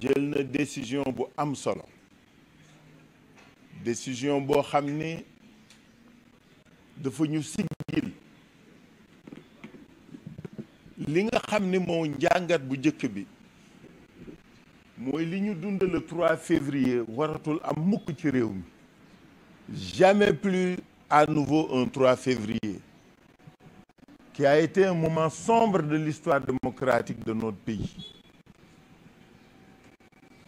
jël na décision bu am solo décision boo xam ne dafa ñu siggil li nga xam ne moo njàngat bu njëkk bi mooy li ñu dund le 3 février waratul am mukk ci réew mi jamais plus à nouveau un 3 février qui a été un moment sombre de l'histoire démocratique de notre pays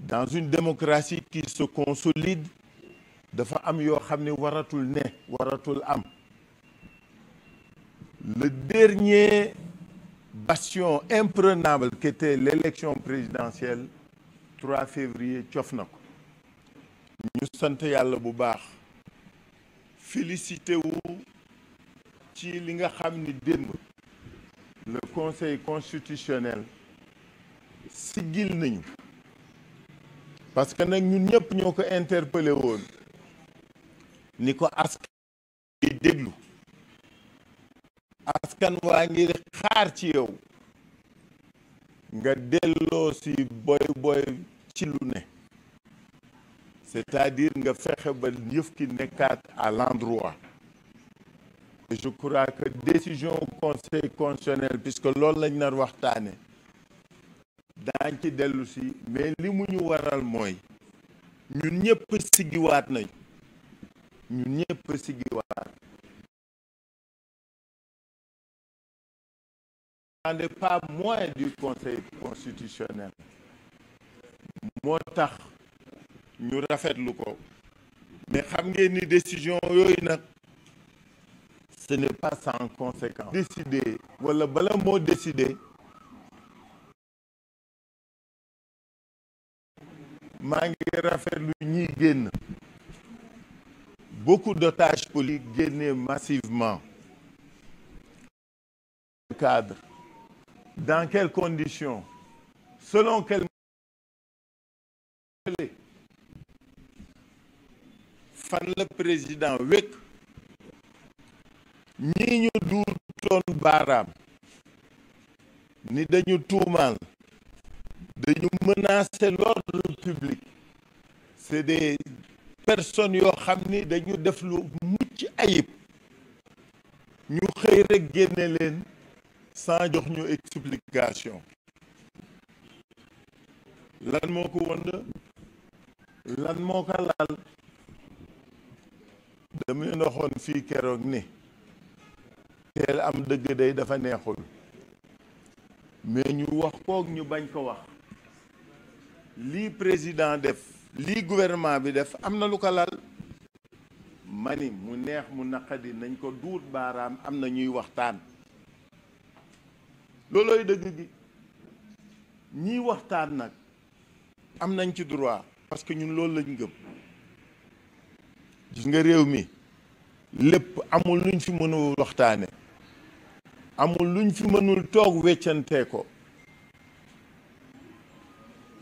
dans une démocratie qui se consolide dafa am yoo waratul ne waratul am le dernier bastion imprenable qui était l'élection présidentielle 3 février cof na ko ñu sant félicitez bu baax félicité wu ci li nga le conseil constitutionnel sigil nañu parce que nous ñun ñëpp ñoko woon niko askan déglu askan wa ngi xaar ci yow nga si boy boy ci lu c'est-à-dire nga nous ba yëf ki à l'endroit je crois que décision conseil constitutionnel puisque loolu lañ nar waxtaane dañ ci dellu mais limu ñu waral moy ñun sigi wat nañ ñun sigi wat ande pas moins du conseil constitutionnel motax ñu rafet lu ko mais xam ngeen ni décision yoy nag ce n'est pas sans conséquence. Décider, voilà, le mot décider. Mangera l'union. beaucoup d'otages politiques gagnent massivement cadre dans quelles conditions selon quel fan le président Wek. Ni ñu duutoon baaraam ni dañu tuumaal dañu menacer l'ordre public c'est des personnes yoo xam ni dañu def lu mucc ayib ñu xëy rek génne leen sans jox ñu explication lan moo ko wënd lan moo ko laal dama leen waxoon fii keroog ni teel am dëgg day dafa neexul mais ñu wax koog ñu bañ ko wax lii président def lii gouvernement bi def am na lu ko lal mani mu neex mu naqadi nañ ko duut baaraam am na ñuy waxtaan loolooy dëgg gi ñiy waxtaan nag am nañ ci droit parce que ñun loolu lañ gëm gis nga réew mi lépp amul luñ fi mënul waxtaane amul luñ fi mënul toog weccantee ko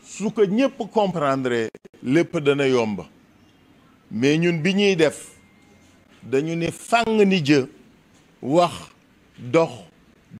su ko ñépp comprendre lépp dana yomb mais ñun bi ñuy def dañu ne fàng ni jë wax dox